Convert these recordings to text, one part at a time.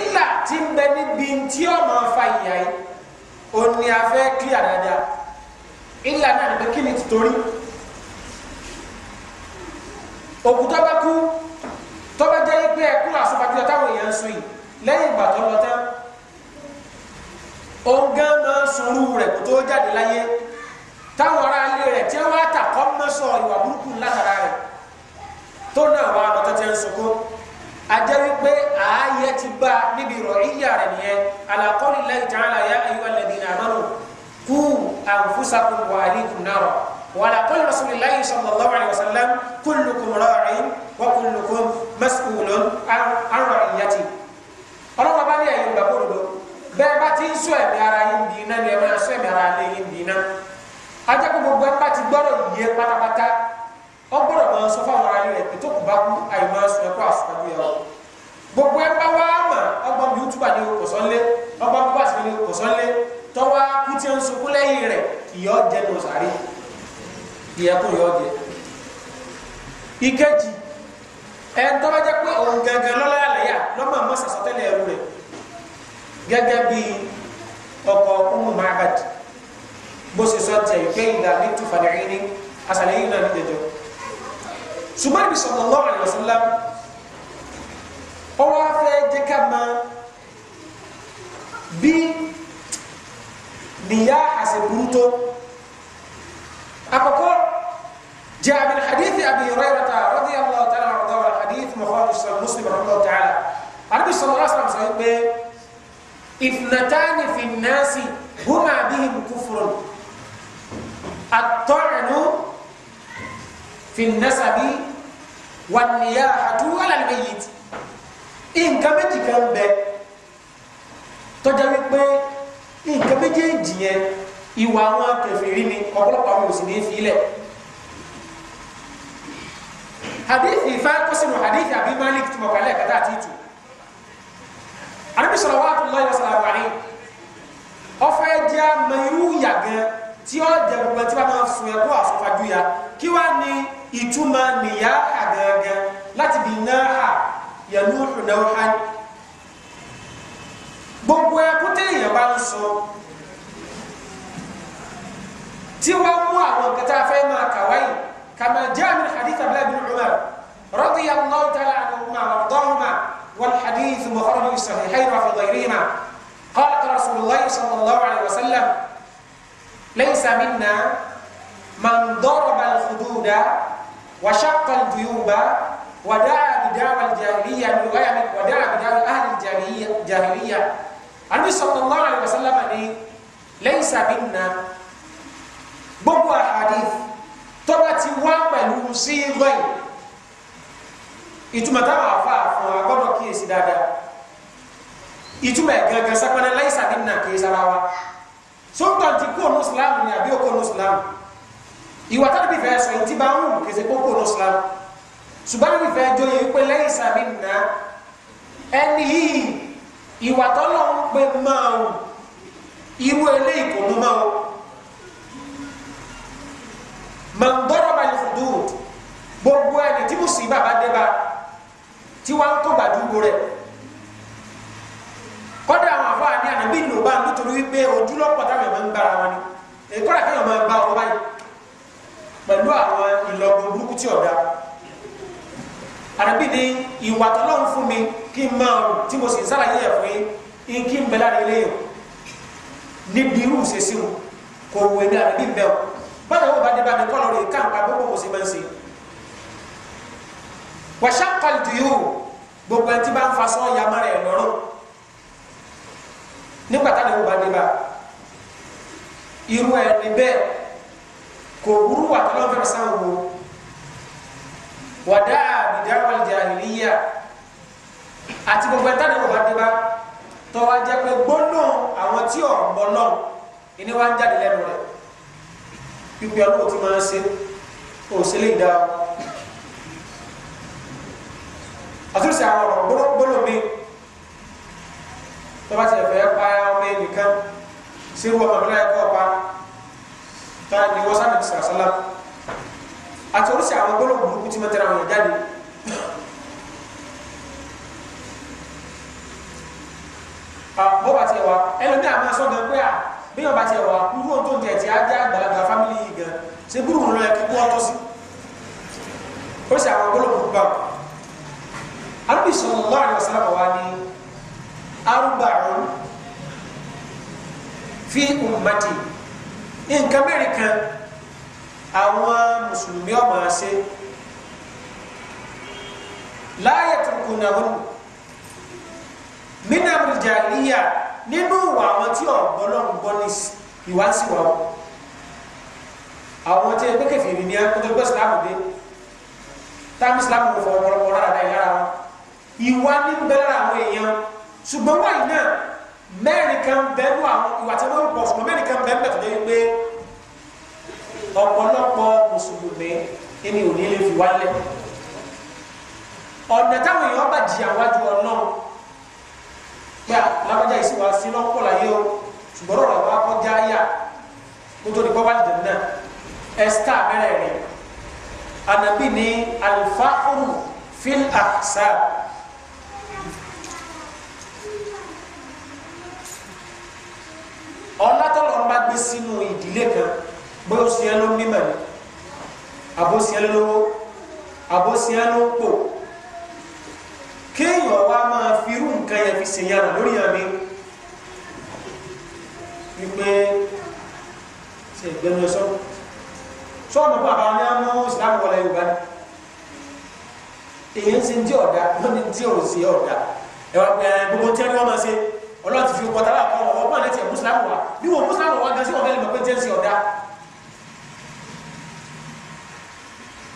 ìlà tí ń bẹ níbi tí ó máa fa ìyá yìí òní afẹ́ kílíà dáadáa ìlà náà níbi kí ni tìtorí òkú tó bá kú tó bá jẹ́ pé ẹ̀kú àsopàjọ táwọn èèyàn ń sùn yìí lẹ́yìn ìgbà tó lọ tán òun gan máa ń sunrú rẹ̀ kó tó jáde láyé táwọn ará ilé rẹ̀ tí wọ́n á tàkọ́ mọ́sọ̀ ìwà burúkú látara rẹ̀ tó náà wà lọ́tọ́ tí ń sunkún ajẹ́ wípé ààyè ti bá níbi ìrọ̀lẹ́yà rẹ̀ nìyẹn alaqoli Allahi ta'ala ya ayyuhal ladhina amanu qu anfusakum wa ahlikum nara wàlá kọ́lé rasulillahi sallallahu alayhi wa sallam kullukum ra'in wa kullukum mas'ulun an ra'iyati ní ẹ̀yìn gbàgbọ́ òdodo bẹ́ẹ̀ bá ti ń sọ ẹ̀mí ara yín bí ọgbọ́dọ̀ máa sọ fáwọn ará rẹ̀ pé tó kù bá kú àìmọ́ ẹ̀sùn ẹ̀kọ́ àsìkò yà ó gbogbo ẹ̀ bá wá mà ọgbọ́n mi túbà ní kòsánlé ọgbọ́n mi pàṣẹ ní kòsánlé tọ́wọ́ kú tí ń sunkún lẹ́yìn rẹ̀ ìyọ́ jẹ́ ní ọ̀sàrí ìyẹ́kùn yọ́ jẹ́ ìkejì ẹ̀ tó bá jẹ́ pé òun gẹ́gẹ́ lọ́lá àlàyà lọ́mọ àmọ́ sàsọtẹ́lẹ̀ ẹ̀rù rẹ̀ gẹ́gẹ́ bí ọkọ̀ ọkùnrin Ma'bad bó ṣe sọ tẹ̀ pé ìdá ní tùfàdà yìí sùgbọ́n صلى الله عليه وسلم هو afẹ́ jẹ́ بي máa bí nìyá àṣẹ̀kúrútó جاء من حديث أبي هريرة رضي الله تعالى عنه والحديث مخرج مسلم رحمه الله تعالى النبي صلى الله عليه وسلم سيقول اثنتان في الناس هما بهم كفر الطعن في النسب wà níyà àtúwò alàlùmí yìí ti nǹkan méjì kan bẹ tọ́jà wípé nǹkan méjèèjì yẹn ìwà àwọn kèfèrí ni ọ̀pọ̀lọpọ̀ àwọn òsì ní í filẹ̀ hadithi ifá kó sínú hadithi àbí malik tí mo kà lẹ́ẹ̀kẹ́ta àti ìtù àdébísọ̀rọ̀ wà á tó lọ́yọ̀ sọ̀rọ̀ àwọn àárín ọ̀fẹ́ jẹ́ tí ó jẹ gbogbo tí wọn máa sun ẹkọ àfọfàjú ya kí wàá ní ìtumọ̀ nìyá hà gángan láti bí náà hà yẹnu ìnáwó hà gbogbo ẹkọ téèyàn bá ń sọ tí wọn mú àwọn nǹkan tá a fẹ́ máa kà wáyé kàmá jẹ́ àmì hadith abdulayi bin umar radiyallahu ta'ala anhuma wàdọ́hùnmá wal hadith mukhrajuhu fi sahihayn wa fi ghayrihima qala qala rasulullah sallallahu alayhi wa sallam. laysa minna man daraba al-hududa wa shaqqa al-juyuba wa da'a bidawa al-jahiliya wa da'a bidawa ahli al-jahiliya anabi sallallahu alayhi wa sallam ni laysa minna gbogbo ahadith tọ́ba ti wá pẹ̀lú sí rẹ̀ ìtumọ̀ táwọn afa àfọ̀n agbọ́dọ̀ sóńtàn ti kú ọ̀nà sílámù ni àbí okòó ọ̀nà sílámù ìwà tá níbi fẹ́ sọ ìtì bá ń wù kèsè kó okòó ọ̀nà sílámù ṣùgbọ́n níbi fẹ́ jọ yìí pé lẹ́yìn sàmì nà ẹni yìí ìwà tọ́lọ̀ ń pè máa wù irú eléyìí kò mú máa wù mọ̀nbọ́rọ̀ bá yìí fòdù gbogbo ẹni tí mo sì bàbá dé bá tí wàá ń kó gbàdúgbò rẹ̀ kọ́dà àwọn afọ àní àná bí nùbá nítorí wípé ojúlọ́pọ̀ táwọn èèyàn máa ń gbára wọn ni kọ́dà kéèyàn máa bá ọ báyìí pẹ̀lú àwọn ìlọ́gbọ̀n burúkú tí ọ̀dà àdàbí ni ìwà tọ́lọ́run fún mi kí n máa rò tí mo sì ń sàlàyé ẹ̀ fún yín kí n bẹ lára ilé yìí níbi irú ìṣesí wọn kò wọ èmi àdàbí ń bẹ o báwo wọ́n bá dé bá mi kọ́ lórí káàpá gbogbo mo sì máa ń ṣe wàṣà kọ́lì tó yóò gbogbo ẹni tí bá ń fa nígbà tá àdéhùn bá dé bá irú ẹni bẹ́ẹ̀ kò burú wà tó lọ́n fẹ́ sáwọn wo wàdà àbìdáwọ̀ jàhìlíyà àti gbogbo ẹ̀ta àdéhùn bá dé bá tọ́wọ́ ajẹ́ pé gbóná àwọn tí ò mọ̀ náà ìní wa ń jáde lẹ́nu rẹ̀ pípẹ́ ọlọ́wọ́ tí máa ń ṣe òṣèlè dá àtúnṣe àwọn ọ̀rọ̀ gbólómi tọ́ba ti ẹ̀fẹ́ pa ọmọ ẹnìkan sí wọ́n ọmọ náà ẹ̀kọ́ pa tá ni wọ́n sábẹ̀ bisara sálá àti oríṣi àwọn gbólóhùn burúkú tí mo tẹ̀ra wọn jáde. bó ba tiẹ̀ wá ẹlòmí àmọ́ sọ gan pé à bí wọn bá tiẹ̀ wá irú ohun tó ń jẹ ti ajá àgbàlagbà fámìlì yìí gan ṣe gbúrú wọn lọ ẹ kíkú ọtọ sí oríṣi àwọn gbólóhùn burúkú bá wọn. àdúgbò ìṣòwò lọ́wọ́ àdìgbò wá ní. fi ummati nǹkan mẹ́rin kan àwọn mùsùlùmí ọmọ ṣe láàyè tuntun náà wọn nínú àbújá níyà nínú ìwà àwọn tí ọ̀gbọ́n náà ń gbọ́ ní ìwà sí wa o àwọn tí ẹgbẹ́ kẹfìrì ní akótó gbọ́ sílámù dé táàmù sílámù kò fọ ọ̀pọ̀lọpọ̀ rárá ìyára wọn ìwà ní bẹ́ẹ̀ àwọn èèyàn ṣùgbọ́n wáyé náà mẹ́rin kan bẹ́ẹ̀ ló àwọn ìwà tí wọ́n bọ̀ fún mẹ́rin kan bẹ́ẹ̀ bẹ́ẹ̀ tó yẹ pé ọ̀pọ̀lọpọ̀ mùsùlùmí ẹni ò ní lè fi wálẹ̀ ọ̀nà táwọn èèyàn bá jìyà wájú ọ̀nà pé alábàjá ìsìnwá sí lọ́pọ̀ láyé o ṣùgbọ́n ọ̀rọ̀ àwọn akọ́já yà kó tó di pọ́ wájú dẹ̀ náà ẹ̀sítà mẹ́rẹ̀ẹ̀rin ànàbí ní alifáhùn fíl àṣà ọ̀nàtọ̀lọ̀ ń bá gbé sínú ìdílé kan bóyá ó sìyẹn ló ń bímọ ni àbó sìyẹn lówó àbó sìyẹn ló ń pò kéèyàn wa máa fi irú nǹkan yẹn fi ṣèyàrá lórí àmì wípé ṣe ìgbẹ́nu ẹ̀sọ́ sọ́ọ̀nù bàbá ní àmọ́ ìsìlámù wọlé yorùbá ni èyí ń ṣe ń jẹ́ ọ̀dà wọ́n ní ń jẹ́ òsì ọ̀dà ẹ̀wọ̀n gbogbo tí wọ́n máa ṣe ọlọ́run ti fi ọkọ̀ tábà kọ́ ọ̀wọ́ ọgbọ́n létí ẹ̀ mùsùlùmí wa bí wọ́n mùsùlùmí wa gan sí ọ̀gá ẹlẹ́mọ̀ pé jẹ́ ń sí ọ̀dá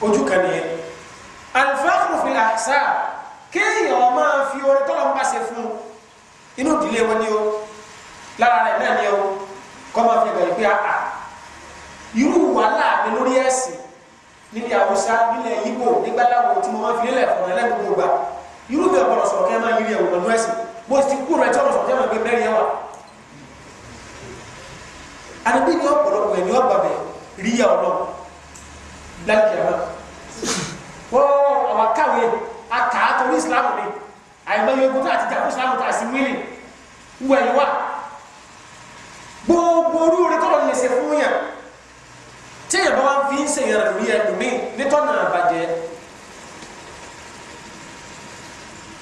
ojú kan nìyẹn alifáàkùn fi àṣà kéèyàn wọn máa fi orin tọ́lọ̀ ń pàṣẹ fún inú ìdílé wọn ni o lára rẹ̀ náà ni o kọ́ máa fi gbà yìí pé àà irú wàhálà mi lórí ẹ̀sìn níbi àwùsá nílẹ̀ yíbò nígbàláwo tí mo máa fi lélẹ̀ fún ẹlẹ́gbẹ̀gbẹ̀ gbà irú bẹ́ẹ̀ bọ̀rọ̀ sọ̀rọ̀ kẹ́ máa yiri ẹ̀wọ̀n lọ́sìn bó ti kú rẹ tí wọn sọ jẹmọ bíi mẹ́rin yẹn wa anabi ni ọ̀pọ̀lọpọ̀ ẹni ọgbà bẹ ríya ọlọ lálùkì àwọn wọn àwọn akáwé akàtọ ní islam ni àìmọye ogun tó àti jà fún islam tó àti wílì wọ ẹni wa gbogbo orú rẹ tọrọ lè ṣe fún yàn tí yẹn bá wà fi ń ṣèyàn rẹ lórí ẹlòmíì nítọ́nà àbàjẹ́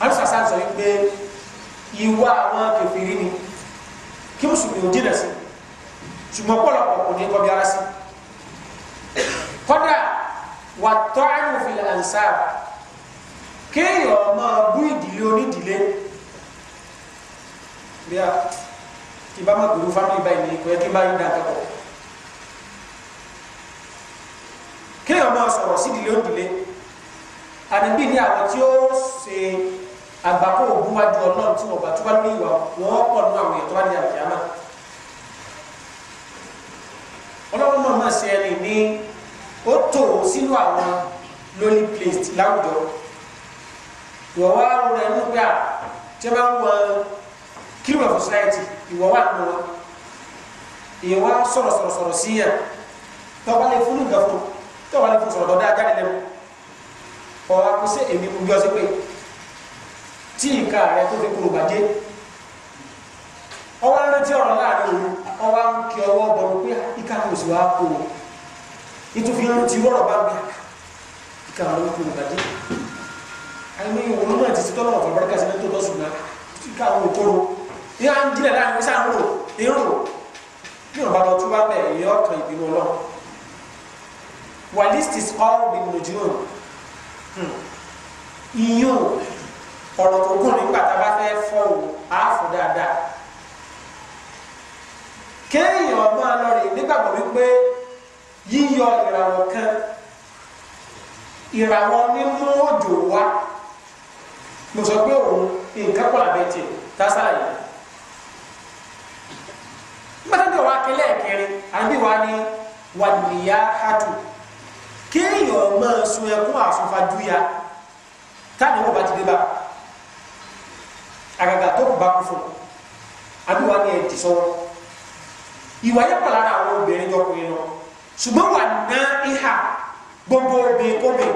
alùsàsà sọ wípé. Iwa àwọn kẹfìrí ni kí mùsùlùmí ò jìnà sí ṣùgbọ́n pọ̀lọpọ̀ kò ní kọbi ara sí kọ́dà wà tọ́ àyùnfin ànsá kéèyàn máa bú ìdílé onídìílé bí a kí bá má gbèrú fámìlì báyìí ní ìpẹ́ kí bá yín dáa kẹ́kọ̀ọ́ kéèyàn máa sọ̀rọ̀ sídìílé onídìílé àdébí ní àwọn tí ó ṣe àgbàkọ ògùn wájú ọlọ́run tí wọn bá tó bá ní ìwà wọn pọ̀ nínú àwọn ètò àdìyà àjàmà ọlọ́run náà máa ṣe ẹni ní ó tò ó sínú àwọn lónìí placed láwùjọ ìwọ wá rọra ẹnu gbà tí wọn bá ń wọn kílùmọ̀ fún society ìwọ wà nù wọn ìyẹn wá sọ̀rọ̀ sọ̀rọ̀ sọ̀rọ̀ sí yẹn tọ́ba lè fún nǹkan fún tọ́ba lè fún sọ̀rọ̀ dọ́dá jáde lẹ́nu ọ̀ àkọsẹ́ èmi kò gbé ọ sí pé tí nǹkan rẹ tó fi kúrò bàjẹ́ ọwọ́ rántí ọ̀rọ̀ láàrin òru ọwọ́ ń kí ọwọ́ bọ̀rọ̀ pé ìka kò sí wàá kó o ìtòfin rántí rọ̀rọ̀ bá gbà ìka rẹ tó kúrò bàjẹ́ àìní òun náà ti sítọ́ lọ́wọ́ fàbárẹ́kà sí tó lọ́sùn náà ìka àwọn òkóró ìyá ń jílẹ̀ láàrin sáà ń rò èrò bí wọn bá lọ túbá bẹ̀ èyí ọkàn ìbínú ọlọ́run wàlísìtì sọ́ọ́ bí ọ̀rọ̀ tó gùn nígbà tá a bá fẹ́ fọ́ o á fọ́ dáadáa kéèyàn máa lọ rè nígbàgbọ́ wípé yíyọ ìràwọ̀ kan ìràwọ̀ mímú òjò wá mo sọ pé òun nǹkan pọ̀ lábẹ́ tiẹ̀ tásàlà yìí mọ́tàdé wa kẹlẹ́ kẹrin àbí wa ni wà nìyá hàtù kéèyàn máa sun ẹkún àsunfàjúya táwọn ọba ti dé bá a agaga tó kù bá kú fún un adúwà ni ẹ ti sọwọ́ ìwà yẹn pàlà ara àwọn obìnrin jọkùnrin lọ ṣùgbọ́n wà ná ìhà gbogbo obìnrin kóbi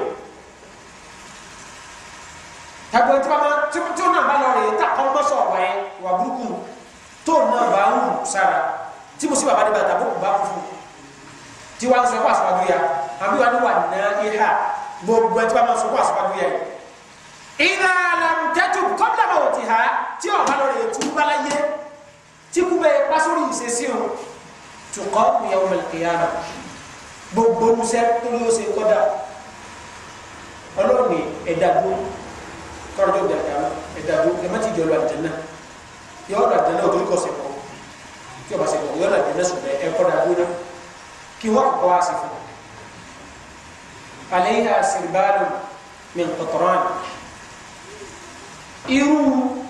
tàbí tí wọn tí wọn náà bá lọ rè é tà kọ́ mọ́sọ̀ ọ̀gbà yẹn wà burúkú tó náà bá ń wù sára tí mo sì bàbá nígbà tàbí kù bá kú fún un tí wọn sọ fún àsopàdúyà àbí wọn ni wà ná ìhà gbogbo ẹ tí wọn sọ fún àsopàdúyà yìí ìdá lam tatub qabla mawtiha tí o bá lórí ètò balaye tí kú bẹ pásórí ìṣesí o tuqamu yawm al-qiyamah gbogbo musẹ tó ló ṣe kọdà ọlọ́ọ̀ni ẹ̀dàgbó kọ́ńtò dàgbà ẹ̀dàgbó ẹ̀ má ti jọ lọ àjẹ́nà yọ ọ́ àjẹ́nà ò torí kọ́ sí kọ́ tí o bá ṣe kọ́ yọ ọ́ àjẹ́nà sùn ẹ̀ kọ́ dàgbó náà kí wọ́n kọ́ àṣìfọ́ alayha sirbaalun min qatran irú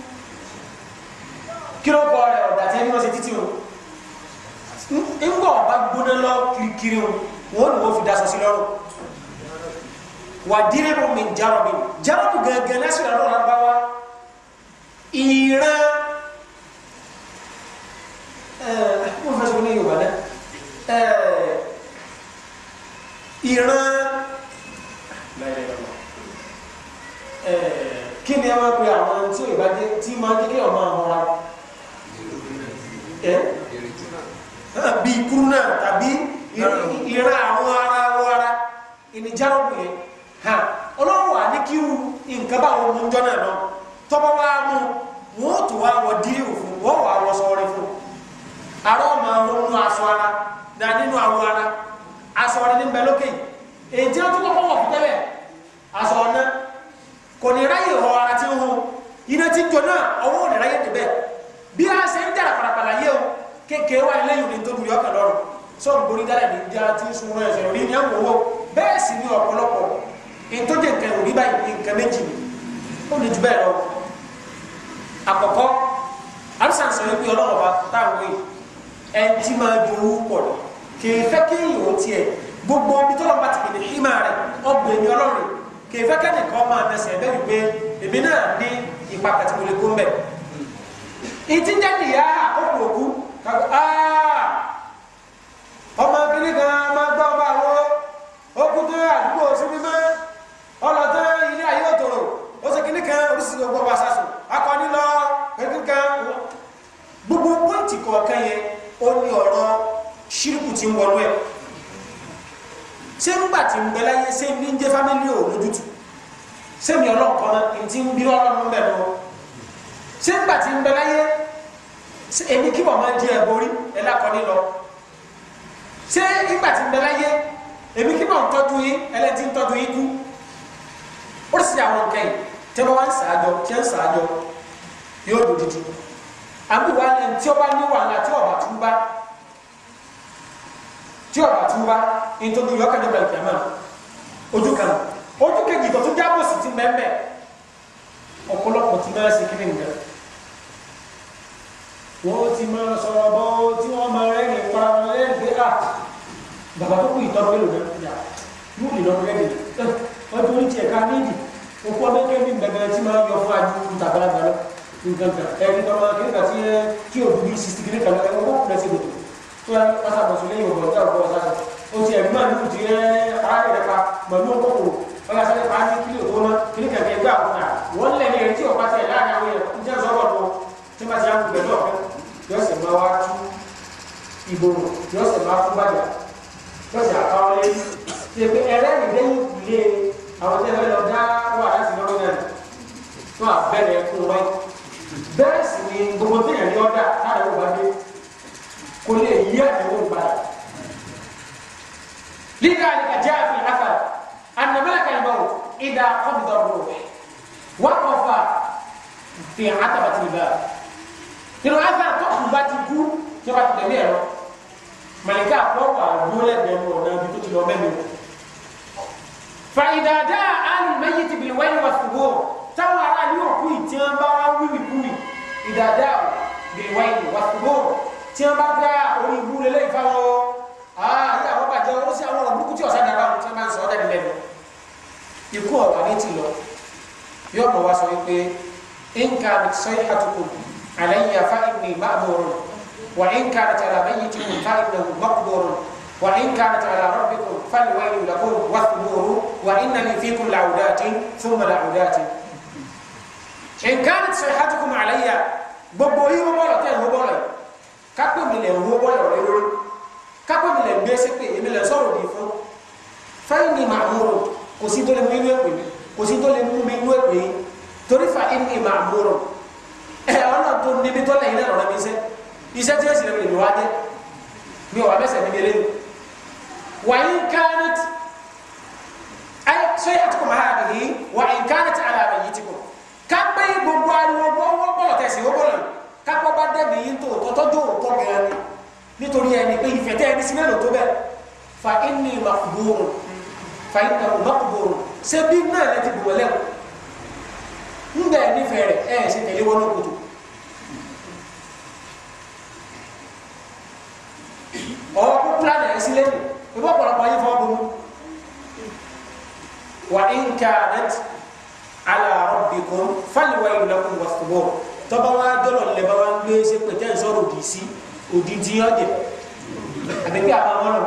kírọ́pọ̀ rẹ̀ ọ̀dà tí wọ́n ṣe títí o ńgbọ̀ ọba gbóná lọ kirikiri o wọ́n ní wọ́n fi daṣọ sí lọ́rùn wà dírẹ́ bọ̀ mi jarọ̀ mi jarọ̀ mi gẹ́gẹ́ lẹ́sìn ìrànlọ́wọ́ lábáwá ìran eh, mo fẹ́ sọ ní yorùbá náà eh, ìran kí ni ẹ máa pe àwọn tí ò bá jẹ tí máa jẹ kí ọmọ àwọn ra ẹ bí kúrúnà tàbí ìra àwọn ara wọ ara ìníjàrọ̀bù yẹn ọlọ́run wà ní kí nǹkan bá wọn mú jọ́nà náà tọ́pọ̀ wá mú wọn ò tó wá wọ díìrù fún wọn wà wọ sọrí fún àrọ ọmọ àwọn nínú aṣọ ara dá nínú awọ ara aṣọ ara ní bẹ lókè èyí tí wọn tún kọ́kọ́ wọ fún tẹ́lẹ̀ aṣọ ọ̀nà kò ní ráyè họ ara tí ń hun iná tí ń jọ náà ọwọ́ ò ní ráyè débẹ̀ bí a ṣe ń dára parapàlà yé o kékeré wa ilé yòó ni tó dùn yọkàn lọ́rùn sọ̀rọ̀ nítorí dára ní ìjà tí ń sunwọ́n ẹ̀sẹ̀ orí ní ẹ̀wọ̀n owó bẹ́ẹ̀ sì ni ọ̀pọ̀lọpọ̀ ìtọ́jú nǹkan òrí báyìí nǹkan méjì ni ó ní ju bẹ́ẹ̀ lọ àkọ́kọ́ alisa sọ wípé ọlọ́run ọba táwọn yìí ẹni tí máa dorú pọ̀ lọ kì í gbogbo ibi tọ́lọ́ ti pè ní ìmọ̀ rẹ̀ ọgbẹ̀ni kèfé kẹ́nìkan máa nẹsẹ̀ ẹ̀bẹ́ wípé èmi náà ní ipa kàtí mo lè kó mbẹ́ ìtí ń jáde yá àkókò òkú kàkó ọmọ kiri gan máa gbọ́ ọba àwọ okú tó àdúgbò síbi mọ́ ọlọ́tọ́ ilé ayé òtòrò ó ṣe kiri kan oríṣiríṣi ọgbọ́n wa ṣàṣù akọni lọ kiri kan gbogbo pọ́ǹtì kọ̀ọ̀kan yẹn ó ní ọ̀rọ̀ ṣírùkù tí ń wọnú ẹ̀ ṣé nígbà tí ń bẹ láyé ṣé ní ń jẹ́ fámílì ò lójútù ṣé mi ọlọ́ọ̀kan náà ti ń bí ọlọ́run bẹ̀ lọ ṣé nígbà tí ń bẹ láyé èmi kí wọ́n máa di ẹ̀ borí ẹ̀ lákọ́ni lọ ṣé nígbà tí ń bẹ láyé èmi kí wọ́n tọ́jú yín ẹlẹ́tí ń tọ́jú yín kú ó sì àwọn nǹkan yìí tẹ́ bá wá ń sàájọ tí ń sàájọ yóò dòdìdì àbí wàá tí ọ̀rọ̀ àtúwá nítorí yọ̀ọ́kẹ́ nígbà ìkẹ́ mọ́ ojú kan ojú kejì tó tún jábọ̀ sí ti mẹ́mẹ́ ọ̀pọ̀lọpọ̀ ti máa ṣe kíni nǹkan wọ́n ti máa sọ̀rọ̀ bọ́ tí wọ́n máa rẹ́rìn para wọn lẹ́yìn pé à ah, bàbá tó kù ìtọ́jú mélòó náà yóò lè lọ́ọ́ rẹ́rìn ọdún orí tiẹ̀ ká nídìí òkú ọlọ́kẹ́ ní gbẹgbẹrẹ tí máa yọ fún ajú ìtàgbàlagbà lọ nǹkan kan ẹni tọ́mọ kí tó yà kó pásá bọ̀ sólé yòòbọ̀ tí a bọ̀ sáré o ti ẹ̀gbọ́n àdúgbò ti rẹ́ aráyè rẹ̀ pa màmú ọkọ̀ wọn yà sáré pàṣẹ kílò tó ná kíní kẹ̀kẹ́ gbé àwọn náà wọ́n lẹ̀ ní ẹ̀rí tí ọ̀pá tẹ̀ láàrin àwọn yẹn ń jẹ́ sọ́wọ́ tó tí bá ti yà gbẹ̀ náà yọ sì máa wá tú ìbòrò yọ sì máa fún bàjá yọ sì àpáwọn lé ṣèpé kò lè yí àdéhùn gbà rẹ̀ líka àlìkà jẹ́ àfi àfà ànàmẹ́lẹ̀ kan ìbáwò ìdá kọ́bùdà rò wọ́n kọ́ fà fi àtàbàtì ìbá nínú àfà tó kù bá ti kú tí wọ́n ti tẹ̀lé ẹ̀rọ màlìkà àpọ̀ wà lólẹ̀ bẹ̀rù ọ̀nà ibi tó ti lọ mẹ́mi fàyidà dáa alùmẹ́yìí ti bìlì wáyé wà ṣùgbọ́n táwọn aráàlú òkú ìtìyàn bá wá wíwì kúwì ìdàdá bìlì wáyé wà ṣùgbọ́n tí wọn bá fẹ́ orí ibú lélẹ́ ìfáwọn àárẹ̀ àwọn bàjẹ́ ó sì àwọn ọ̀rọ̀ burúkú tí ọ̀sán dàbà tí wọn bá ń sọ ọ́dẹ̀ nílẹ̀ lọ. ikú ọ̀wà ní ti lọ yóò mọ̀ wá sọ wípé nǹka sọ́yìn àtúkù àlẹ́yìn afá ìgbìn ìmáàbọ̀rọ̀ wà nǹka àtàlà àbẹ́yìn tí kò fáì lọ mọ́kùbọ̀rọ̀ wà nǹka àtàlà rọ́bìkùn fáìlìwáìlì làkó wàtúbọ̀rọ̀ wà nǹna ní fíkùn làwùdáàtì fúnmọ̀ làwùdáàtì kápẹ́ mi lẹ̀ ń wó bọ́lẹ̀ rẹ lórí kápẹ́ mi lẹ̀ ń gbé sípè èmi lẹ̀ ń sọ̀rọ̀ òdì fún fẹ́ẹ́ ní màá mú un kò sí tó lè mú inú èpè mi kò sí tó lè mú mi inú èpè yìí torí fa inú ìmọ̀ àmúrò ẹ ọ̀nà tó níbi tó lẹ́yìn náà rọ̀rọ̀ mi iṣẹ́ iṣẹ́ tí ó sì lè mi wá jẹ́ mi ò wá bẹ́sẹ̀ níbi eléyìí wà yín kánit ẹ sọ yẹ àtúkọ̀ máa bì yìí wà yín kánit ti kọ̀ ká pé gbogbo ariwo gbọ́ wọ́n bọ̀ tẹ̀sí wọ́n bọ̀ kápọ́ bá dẹ́bi yìí tó tọ́tọ́jú òótọ́ gẹ̀rẹ́ ni nítorí ẹni pé ìfẹ́ tẹ́ ẹni sí mélòó tó bẹ́ẹ̀ fa inni maqburun fa inna maqburun ṣé bí náà lẹ ti bù wọlé o ńgbà ẹni fẹ́ rẹ̀ ẹ̀ ẹ̀ tẹ̀lé wọn náà kótó ọwọ́ kó pílánì sí lẹ́nu ìbọ̀ pọ̀lọpọ̀ ayé fọwọ́ bomú wa in kanat ala rabbikum faliwa ìlú lakum wàsùbọ̀rọ̀ tọ́ba wa dọ́lọ̀ lẹ̀ bá wa ń gbé ṣe pété ń sọ̀rọ̀ òdì sí òdì tí yọ dẹ̀ àbẹ̀kẹ́ àbámọ́rọ̀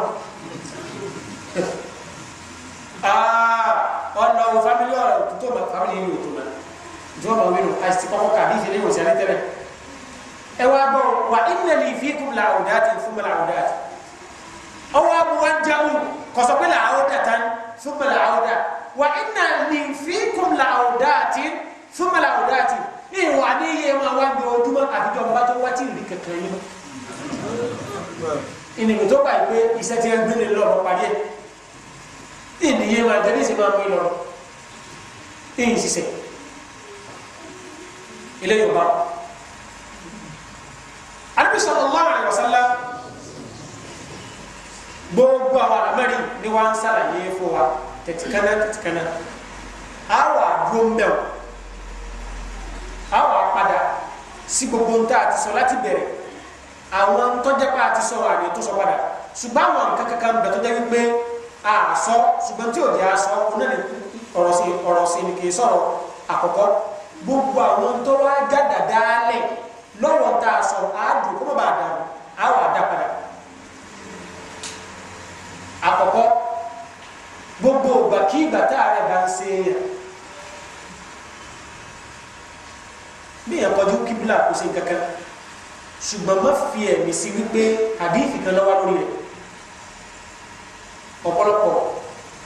ah, ọ̀nà wo family ọ̀rọ̀ tó ma family yìí ò tó ma jọ́ ma wí nù àti kọ́kọ́ kàbí ìṣẹ̀lẹ̀ ìwòsàn ní tẹ́lẹ̀ ẹ wá gbọ́ wa inna li fikum la'udati thumma la'udati ọwọ́ abuwa jáwù kọ̀sọ̀ pé la'udatan thumma la'udati wa inna li fikum la'udati thumma la'udati ní ìwà ní iye máa wá bí ojúmọ́ àbíjọ ọmọ bá tó wá tí ìrì kankan yín mọ́ ìnìyàn tó gbà pé iṣẹ́ tí ẹ gbélé lọ́rọ̀ parí ẹ̀ ìnìyàn máa tẹ́lẹ̀ sí máa mú yín lọ́rọ̀ ìyìn ṣiṣẹ́ ilé yorùbá Ànábì sallallahu alaihi gbogbo àwọn àmẹ́rin ni wọ́n ń sàlàyé fún wa tẹ̀tìkánná tẹ̀tìkánná àwọn àdúró mẹ́wàá àwọn apadà sí gbogbo ń tá a ti sọ láti bẹ̀rẹ̀ àwọn tọ́jẹ́pá àti sọ àmì tó sọ padà ṣùgbọ́n àwọn nǹkan kankan bẹ̀ tó jẹ́ wípé àṣọ ṣùgbọ́n tí ò ní aṣọ onílẹ̀ ọ̀rọ̀ sí ọ̀rọ̀ sí ni kì í sọ̀rọ̀ àkọ́kọ́ gbogbo àwọn tó wá jáde dálẹ̀ lọ́wọ́ tá a sọ àádùn kó má bàa dàrú àwọn àdá padà àkọ́kọ́ gbogbo ìgbàkígbà tá a rẹ̀ bá ń ṣe é bí yẹn kọjú kíbílà kò sí kankan ṣùgbọ́n má fi ẹ̀mí sí wípé hadithi kan lọ́wọ́ lórí rẹ̀ ọ̀pọ̀lọpọ̀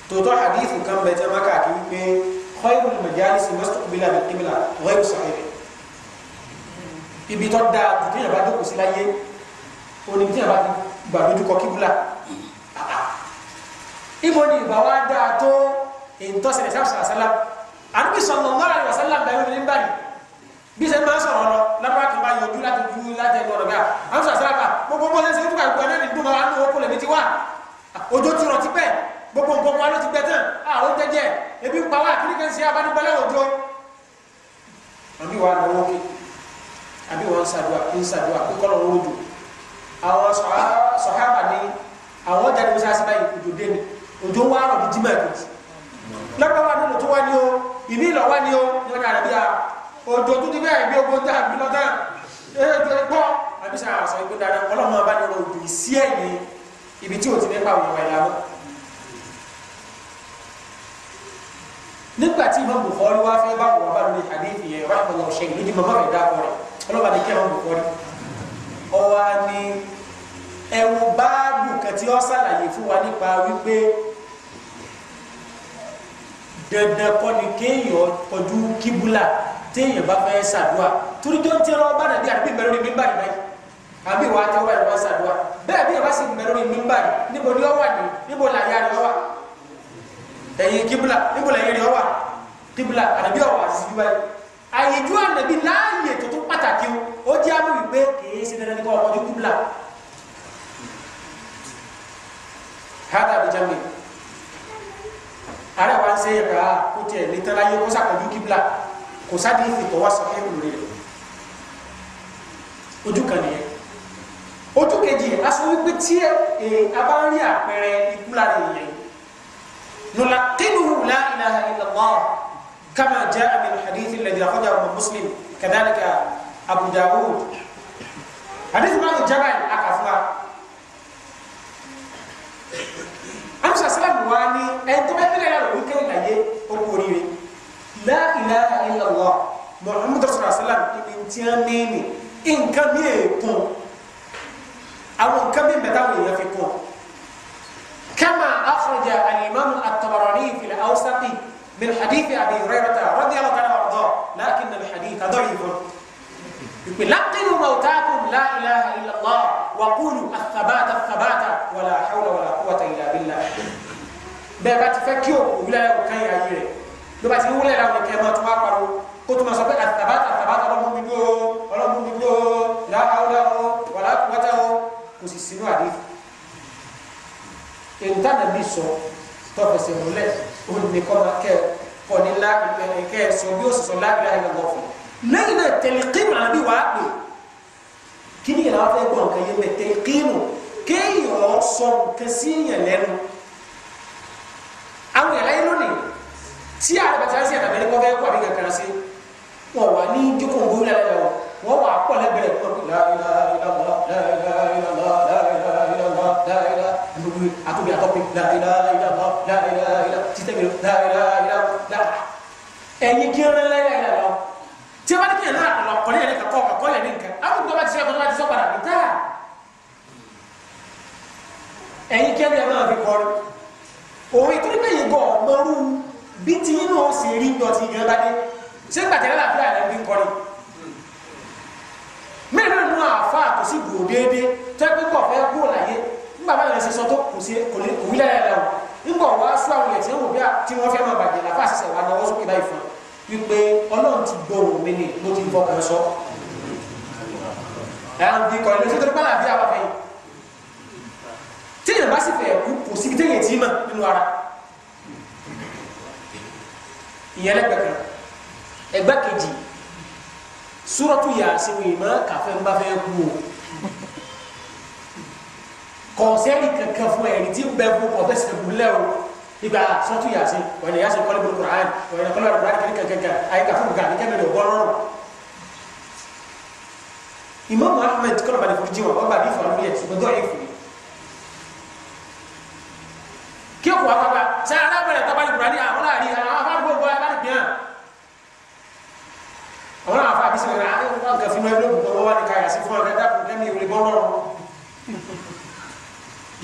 tòótọ́ hadithi kan bẹ̀ tẹ́ máa káàkiri wípé khairul majalis mustaqbila bil qibla ghayru sahih ibi tó dáa ju tí yẹn bá dókòó sí láyé òní tí yẹn bá gbàdójúkọ kíbílà ibo ni ìbá wa dáa tó ìtọ́sẹ̀lẹ̀ sáfù sàlá àdúgbò sallallahu alaihi wasallam bẹ̀rù ní báyìí bí sẹ́ máa sọ̀rọ̀ lọ lábúrò kan bá yọjú láti ju láti ẹnu ọ̀rọ̀ bí i àwọn sọ̀rọ̀ sára pa gbogbo bó ṣe ń ṣe fún àgbẹ̀ náà ní gbogbo àwọn àwọn okòlè mi ti wá ojú ah, ti rọ̀ ti pẹ́ gbogbo nǹkan wa ló ti gbẹ tán àwọn ah, jẹjẹ ebi ń pa wá kí ni kí n ṣe abánigbọ́lá òjò. àbí wàá lọ wọ́n kí àbí wọ́n ń ṣàdúrà ń ṣàdúrà pé kọ́ lọ́wọ́ òjò àwọn sọ̀hábà ni àwọn jáde wọ́n ṣáṣí báyìí òjò dé mi òjò wá rọ̀ bí jimá kejì ọjọ́ tó ti bẹ́ẹ̀ gbé ogun tá àbí lọ́tà ẹ̀ẹ́dọ̀ ẹ̀gbọ́ àbí sàn àṣà ìgbé dáadáa ọlọ́mọ bá ní ọdún ìsí ẹ̀yìn ibi tí ò ti nípa àwọn ọmọ ìlànà. nígbà tí ìmọ̀ bùkọ́rí wá fẹ́ bá wọ̀ bá lórí àdéhìí yẹn wọ́n á mọ̀ lọ́ọ́ ṣẹ́yìn lójú mọ́mọ́ rẹ̀ dáàbọ̀ rẹ̀ kí ẹ̀mọ́ bùkọ́rí. ọwa ni ẹ̀wọ̀n báàbù kan tí ó ṣàlàyé fún wa nípa wípé dandan kọ́ ni kéèyàn kọjú kíbúlà téèyàn bá fẹ́ ṣàdúrà torí tó ń tẹ́ lọ́wọ́ bá nàbí àbí mẹ́rin ní bá nàbí àbí wàá tẹ́ wọ́n ẹ̀rọ ṣàdúrà bẹ́ẹ̀ bí ìbá sì mẹ́rin ní bá ní níbo ni ọ wà ní níbo làyà ni ọ wà ẹ̀yìn kíbla níbo làyà ni ọ wà kíbla àdàbí ọ̀wà síbi báyìí àyíjú ànàbí láàyè tó tó pàtàkì o ó jẹ́ àmú wípé kìí ṣe dandan nípa ọmọdé kíbla hada abuja mi kò sáàdì ìfìtọ̀ wá sọ ẹ̀rù rẹ̀ ojú kan nìyẹn ojú kejì a sọ wípé tí a bá rí àpẹẹrẹ ikú lára èèyàn nùlá tẹnuhu la ilaha illallah kama jaa min hadithi alladhi akhrajahu muslim kadhalika abu dawud hadithi máa ń jábàá amsa salam wa ni ẹ la ilaha illallah muhammadu rasulillah sallam ibi tí a mẹ́ni nǹkan mi è kún àwọn nǹkan mi mẹ́ta wò yẹn fi kún kama akhraja alimami atabarani fil awsati min hadithi abi hurairata radiyallahu ta'ala anhu lakin alhadith adayif لقنوا موتاكم لا إله إلا الله وقولوا الثبات الثبات ولا حول ولا قوة إلا بالله بابا تفكيو ولا يوكي أجيري ló bá ti ń wúlẹ̀ láwọn ìkẹ́ máa tún wá pariwo kó tó máa sọ pé àtàbàtà àtàbàtà ọlọ́run mi dúró ọlọ́run mi dúró láhàúlà o wàlá kúwátà o kò sì sínú àdé ìntànà mi sọ tọ́fẹsẹ̀ múlẹ̀ olùdíkọ́ máa kẹ́ kọ́ ní láàbì kẹ́ sọ bí ó sì sọ láàbì láàbì lọ́wọ́ fún lẹ́yìn náà tẹ̀lé kí kiri bí wàá pè kí ni ìlànà fẹ́ gbọ́ nǹkan yẹn bẹ́ẹ̀ tẹ̀lé kí nù kéèyàn sọ nǹkan sí yẹn tí ààrẹ bàtà sí àtàbẹ̀rẹ̀ kọ́ fẹ́ kọ́ àbí kankan sí wọn wà ní jókòó ń gbóyún lẹ́lẹ́ lọ wọn wà pọ̀ lẹ́gbẹ̀rẹ̀ pọ̀ àtòbí àtọ́pẹ́ títẹ̀bẹ̀rẹ̀ ẹ̀yin kí ẹran lẹ́yìn lọ tí a bá ní kí ẹran àtọ̀lọ̀ kọ́lé yẹn nìkan kọ́ ọ̀kọ́ kọ́lé yẹn nìkan àwọn tó bá ti sẹ́kọ̀ọ́ tó bá ti sọ́ padà níta ẹ̀yin kí bí ti yín náà sì rí ńjọ ti yẹn bá dé ṣé gbàtẹ́ lálàáfíà rẹ̀ ń kọ́ni mẹ́rin mẹ́rin nínú àfa kò sí gbòó déédéé tó ẹ pé kò fẹ́ kó láyé nígbà bá yẹn ṣe sọ tó kò sí kò ní kò wílẹ̀ yẹn lẹ́wọ̀ nígbà wá sọ àwọn ẹ̀tí wò bí a tí wọ́n fẹ́ máa bàjẹ́ làfa ṣẹṣẹ wà náà wọ́n sọ pé báyìí fún wípé ọlọ́run ti gbọ́rọ̀ mi ni mo ti fọkàn sọ ẹ̀ bí kọ́ni lóṣù tó ní bí a yìí tí bá sì fẹ́ kú kò sí téèyàn tí ì mọ̀ nínú ara ìyẹn lẹ́gbẹ̀ẹ́ kan ẹgbẹ́ kejì súrọ́tù yàásí wò ìmọ̀ kàfẹ́ ń bá fẹ́ kú o kọ̀ọ̀sẹ́rì kankan fún ẹ̀rí tí ń bẹ fún ọ̀bẹ́sẹ̀ bùlẹ̀ o ìgbà súrọ́tù yàásí wọ̀nyí yàásí kọ́lé bolo kùrán wọ̀nyí kọ́lé bolo kùrán kiri kankan ayé kàfún gà ní kẹ́mẹ́rẹ́ ọgọ́rọ́rùn. Imam Ahmed kọ́lá bàdé fún jíwọ̀n ọgbà bí ìfọ̀rọ̀ mi yẹ ṣùgbọ́n dọ́ọ̀ fún ọ̀rẹ́ dàpọ̀ kẹ́mi ìwé bọ́ lọ́rùn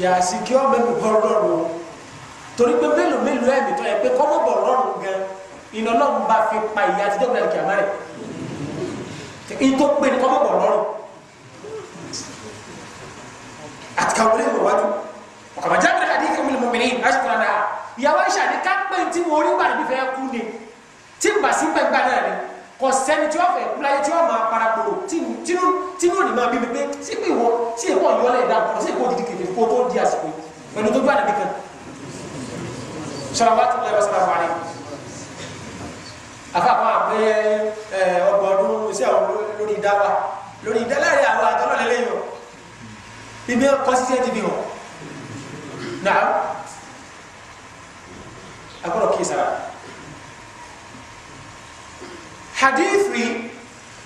yàtì kí ọmọ mi bọ́ lọ́rùn torí pé mélòó mélòó ẹ̀mí tó yẹ pé kọ́mọ́ bọ̀ lọ́rùn gan iná náà bá fi pa ìyá àtijọ́ gbẹ̀rẹ̀ kìámà rẹ̀ ìtò pé ní kọ́mọ́ bọ̀ lọ́rùn àti kàwé lè wájú ọ̀kàbàjá bẹ̀rẹ̀ àdéhìí kí mímu mi ní aṣọ náà ìyàwó ìṣàdé ká pé tí mo rí gbàdúgbò fẹ́ kú ni tí bàṣí pẹ́ gbàdúrà ni kò sẹ́ni tí wọ́n fẹ́ kú láyé tí wọ́n máa para kpolo tínú tínú ni máa bí mi pé sí pé wọ́n sí èkó ìyọ́lẹ̀ dà kọ́ sí èkó didi kèké kó tó di àsìkò pẹ̀lú tó gbà níbi kan sọlọ́wọ́ tó lẹ́wọ́ sọlọ́wọ́ àlẹ́ àfàkọ́ àpé ọgbọ̀n ọdún sí àwọn lórí ìdáwà lórí ìdáláre àwọn àtọ́lọ́ lẹ́lẹ́yìn o ibi kọ́ sí sẹ́ẹ̀ tìbí hàn náà agbọ́dọ̀ kí sára hadithi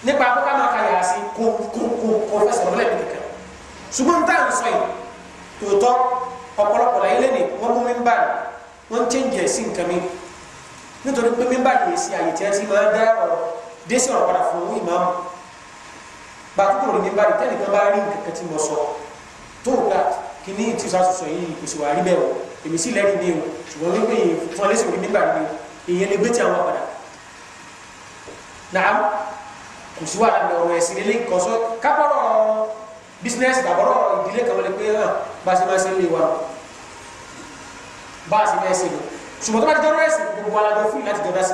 nípa akókò àmà kàyà sí kò kò kò kò fẹsẹ̀ lọ́lẹ̀ bí nìkan ṣùgbọ́n tá à ń sọ yìí tòótọ́ ọ̀pọ̀lọpọ̀ láyé lẹ́nu wọ́n mú mímbà wọ́n ti ń jẹ́ sí nǹkan mi nítorí pé mímbà yìí sí àyè tí a ti máa dá ọ̀rọ̀ dé sí ọ̀rọ̀ padà fún ìmáàmù bàtúkùrò ní mímbà yìí tẹ́lẹ̀ kan bá rí nǹkan tí mo sọ tó o gbà kí ní ìtúsà sọ̀sọ̀ yìí kò sì wà rí o èmi sì lẹ́rìí ní o ṣùgbọ́n wípé fún alẹ́ sọ̀rọ̀ mímbà yìí èèyàn lè gbé tí àwọn padà naam kò sí wàhálà ní ọ̀rọ̀ ẹ̀sìn ilé nǹkan sọ kábọ̀rọ̀ bísínẹ́sì tàbọ̀rọ̀ ìdílé kan wọlé pé hàn bá a ṣe máa ṣe lè wa bá a ṣe máa ṣe lè ṣùgbọ́n tó bá ti dọ́rọ̀ ẹ̀sìn gbogbo alájọ fún ìlàtí dọ́dá sí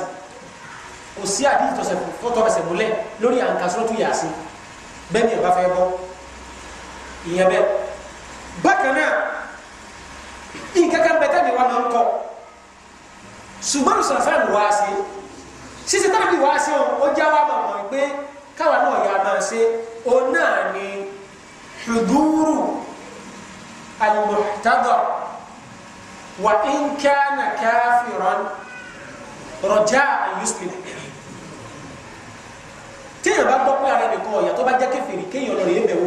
kò sí àdíjì tọ́sẹ̀ fọ́tọ́ ẹsẹ̀ múlẹ̀ lórí àǹkà sọ́tù yà sí bẹ́ẹ̀ ni ọba fẹ́ bọ́ ìyẹn bẹ́ẹ̀ bákan náà wa máa ń kọ ṣùgbọ́n ìṣàfihàn wá sí ṣíṣe tábìlì wá sí òun ó já wá mọ̀ wọ́n pé káwa náà yà máa ṣe òun náà ni ṣùdúrù al-muhtadar wa in kana kafiran rọjá àyùsùlẹ̀ téèyàn bá gbọ́ pé ara ẹnìkan ọ̀yà tó bá jẹ́ kèfèrí kéèyàn lọ rèé bẹ̀wò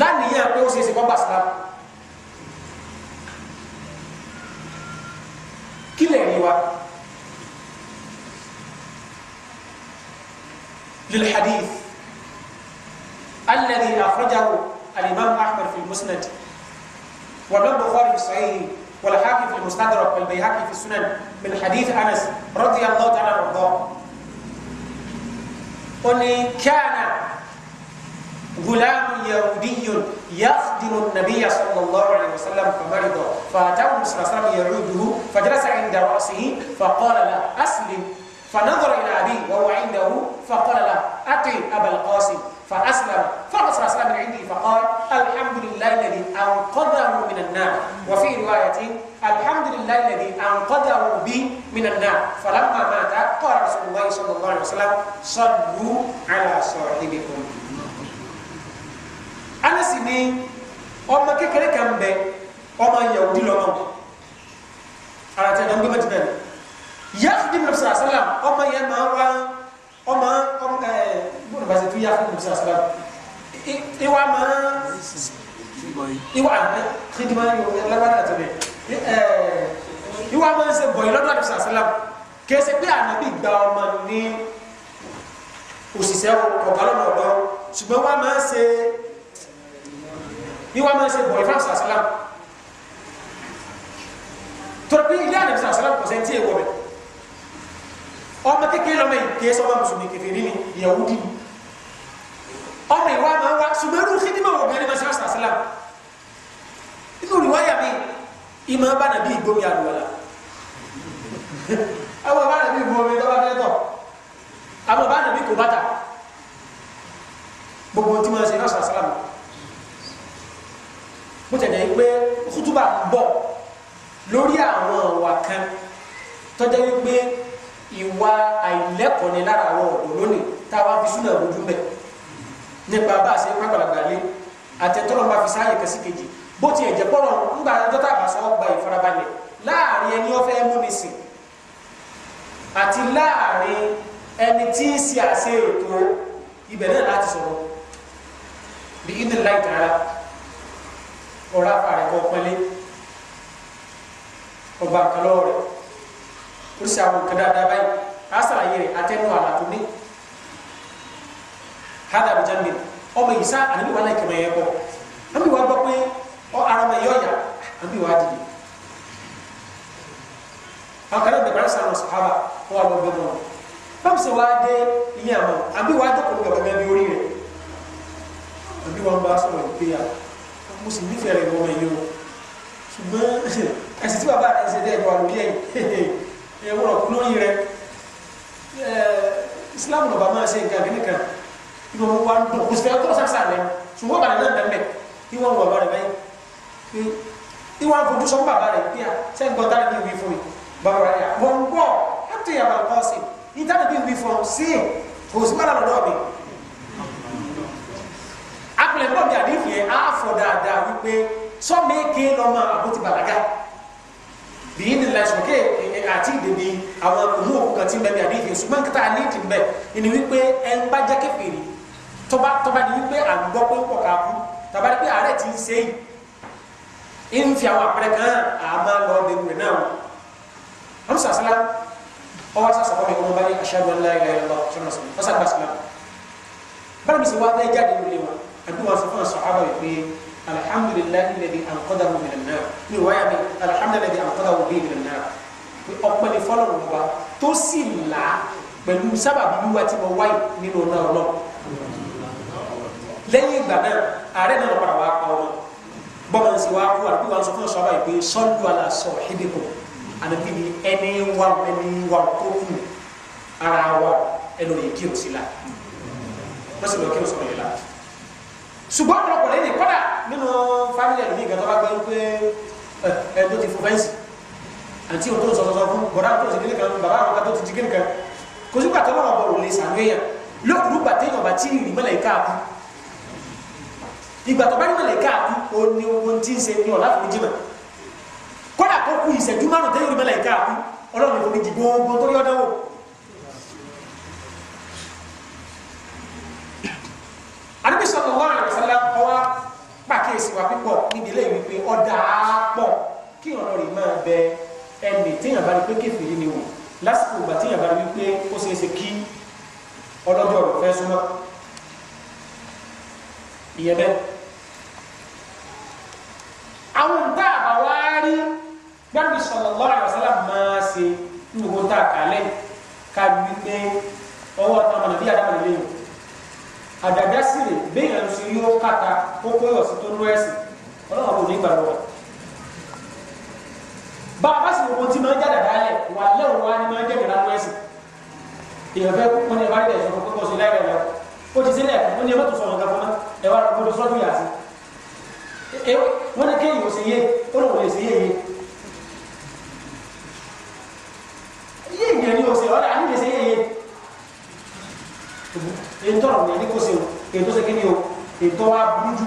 lánìyàn pé ó ṣeé ṣe kọ́ gbà للحديث الذي أخرجه الإمام أحمد في المسند وابن بخاري في الصحيح والحاكم في المستدرك والبيهقي في السنن من حديث أنس رضي الله تعالى وارضاه قل كان غلام يهودي يخدم النبي صلى الله عليه وسلم فمرض فأتاه النبي صلى الله عليه وسلم يعوده فجلس عند رأسه فقال له أسلم فنظر إلى أبيه وهو عنده فقال له أطع أبا القاسم فأسلم فقال صلى الله عليه وسلم من فقال الحمد لله الذي أنقذه من النار وفي رواية الحمد لله الذي أنقذه بي من النار فلما مات قال رسول الله صلى الله عليه وسلم صلوا على صاحبكم sì ni ọmọ kékeré kan bẹ ọmọ yahudi lọmọ ara tẹ ẹnà gbẹmọ ti bẹ yahudi mu sàlá sàlá ọmọ yẹn máa wá ọmọ ọmọ ẹ bọ́dọ̀ bá ṣe tún yahudi mu sàlá sàlá ìwà máa ìwà kíndìmá yóò lábára àti bẹ ẹ ìwà máa ń ṣe bọ̀yì lọ́dọ̀ àti sàlá sàlá kẹsì pé ànábì gba ọmọ ní òṣìṣẹ́ ọ̀gá lọ́nà ọ̀dọ́ ṣùgbọ́n wà máa ṣe ni wàá máa ṣe bọ̀ ìfà sàṣàlá tọ́lá pé ilé àná sàṣàlá kò sẹ́ńtì èèwọ̀ bẹ̀ ọmọ kékeré lọ́mọ yìí kì í sọ́mọ mùsùlùmí kẹfẹ́ nínú ìyàwó dì í ọmọ ìwà máa wá ṣùgbọ́n irú kíndìmọ̀ wọ̀ bẹ́ẹ̀ ni máa ṣe sàṣàlá nínú ìwáyà mi ìmọ̀ bá nàbí ìgbómi àlùwàlà àwọn bá nàbí ìgbómi tó bá fẹ́ tọ̀ àwọn bá nàbí kò bàtà gbogbo tí máa ṣe sàṣàlá mi bó tẹ̀ jẹ́ pé kútúbà ń bọ̀ lórí àwọn ọ̀wà kan tọ́jẹ́ wípé ìwà àìlẹ́kọ̀ọ́ ni lára àwọn ọ̀dọ́ lónìí tá a wá fi súnà ojú mẹ́ nípa bá a ṣe pàgbàlagbà lé àtẹ̀tọ́rọ̀ bá fi sáàyè kẹsí kejì bó tiẹ̀ jẹ́ pọ́nrọ̀ ńgbà dọ́tà àbàṣọ gba ìfarabalẹ̀ láàrin ẹni ọ̀fẹ́ múnisìn àti láàrin ẹni tí ń ṣe àṣe ètò ibẹ̀ náà láti sọ̀rọ̀ bí ìdílé láì tààrà rọra fàrẹ kọ pẹlẹ ọba kalọ rẹ ó sì àwọn nǹkan dáadáa báyìí á sàlàyé rẹ atẹnu àlàtò ní hádà àbújá mi ọmọ yìí sá àníbi wà láì kẹmẹ yẹ kọ àmì wà gbọ́ pé ọ ara mẹ yọọyà àmì wà á dìde àwọn kan náà bẹ̀rẹ̀ sàn lọ sàhábà wọn àlọ bẹ mọ báwo sọ wá dé ilé àmọ àmì wà á dẹkùn gbàgbọ́ bẹ́ẹ̀ bí orí rẹ àmì wà ń bá sọ̀rọ̀ ìgbéyàwó mo sì nífẹ̀ẹ́ rẹ̀ lọ́wọ́ yìí o ṣùgbọ́n ẹ̀sìn tí bàbá rẹ̀ ṣe dẹ́ ẹ̀dọ̀ àlùbí ẹ̀yìn ẹ̀wọ̀n ọ̀kú lórí rẹ̀ Islam lọ́ba máa ṣe nǹkan kìíní kan ìwọ̀n wọn wá ń dùn kò sì fẹ́ tọ́ sàkísà rẹ̀ ṣùgbọ́n bàbá rẹ̀ náà bẹ̀ ìwọ̀n wọn bàbá rẹ̀ báyìí ìwọ̀n àfojú sọ bàbá rẹ̀ pé ko, tá ní ìwé fún mi bàbá rẹ̀ yà wọ́n gbọ́ àti ìyàbà kọ́ sí ní tá akpẹlẹ bọ bi adi fìyẹ afọ dáadáa wípé sọmi ké lọmọ àbótí balaga bìyí ni lẹsùn ké àti ìdèbí àwọn òun òkú kan ti mẹbi adi fìyẹ ṣùgbọ́n nkìtà ní ti mbẹ ìní wípé ẹ bá jẹ kẹfìrì tọba tọba ni wípé à ń gbọ́ pé ń pọ ká kú tàbá ni pé ààrẹ ti ń ṣe yìí ń fi àwọn àpẹrẹ kan àmà lọ dẹnu rẹ náà wọn sàṣẹlá ọwọ sàṣẹ kọ́ mi kọ́ mọ́ báyìí aṣáájú aláìláyà lọ sọ́nà sọ́nà fọ́sàgbàsílá bára mi sì wá bẹ́ẹ̀ jáde nílé wọn. أبو وصفنا الصحابة يقول الحمد لله الذي أنقذه من النار ní ìwáyà mi الحمد لله الذي أنقذه بي من النار ọpẹ́ ni fọ́lọ́run ọba tó sì là pẹ̀lú sábàbí wíwá tí mo wáyé nínú ọ̀nà ọlọ́ lẹ́yìn ìgbà náà ààrẹ náà lọ́pàá wá pa ọmọ bọ́mọ ń sì wá kú àdúgbò wa ń sọ fún ọ̀ṣọ́ àbáyé pé sọ́ọ́dù aláṣọ ìdìbò àdàbí ni ẹni wà ẹni wà tó kù ara wa ẹnu yìí kí o sí la wọ́n sì lọ kí o sọ̀rọ̀ yìí ṣùgbọ́n ọ̀pọ̀lọpọ̀ lẹ́yìn kọ́dà nínú fámìlì ẹ̀rọ mi gàdọ́ bá gbé pé ẹ̀ẹ́dọ́ ti fún fẹ́ǹsì àti òun tó ń sọ̀tọ̀ fún bọ̀dá tó ń ṣe di kíni kan kò sí gbàtọ́ lọ́wọ́ bọ̀ òun lè sàánú èèyàn lókùnrin gbà téèyàn bá tí ìrì mọ́lẹ̀ ká kú ìgbà tó bá ní mọ́lẹ̀ ká kú ó ní ohun tí ń ṣe ní ọ̀la fún jimá kọ́dà márùn-ún téèyàn rí mọ́lẹ̀ ká ọlọ́run kò gbogbo torí ọdún wò Ànábì sallallahu alaihi wasallam ọwọ́ pàkíyèsí wa pípọ̀ níbi ilé wípé ọ̀dà pọ̀ kí ọ̀rọ̀ rẹ̀ máa bẹ ẹnì téèyàn bá rí pé kéfèé ni wò lásìkò ìgbà téèyàn bá rí wípé ó ṣeé ṣe kí ọlọ́jọ́ rẹ̀ fẹ́ súnmọ́ ìyẹn bẹ́ẹ̀. àwọn nǹkan àbáwárí gbàgbé sallallahu alaihi wasallam máa ṣe ní tá a kà lẹ́yìn ká wípé ọwọ́ ọ̀tàn ọmọ àdàdà sì rè bẹ́ẹ̀ ló sì yóò kàtà kókó yọ̀ sí tó ń rẹ́sì ọlọ́run kò ní gbà lọ́wọ́. bá a bá sì wọ́n ti máa ń jáde dálẹ̀ wà lẹ́wọ̀n wa ni máa ń jẹ́gẹ̀dá rẹ́sì. èèyàn fẹ́ kó ní ìbáraẹ̀ sọ̀rọ̀ pé kò sí láì rẹ̀ lọ ó ti sílẹ̀ ó ní ẹgbẹ́ tó sọ̀rọ̀ nǹkan fún ẹ wá lọ́dún sọ́dún yà sí. wọ́n ní kéèyàn ò sì yé ó lóun ntọrọ mi ni ko se o ètò se kini o ètò wa burújú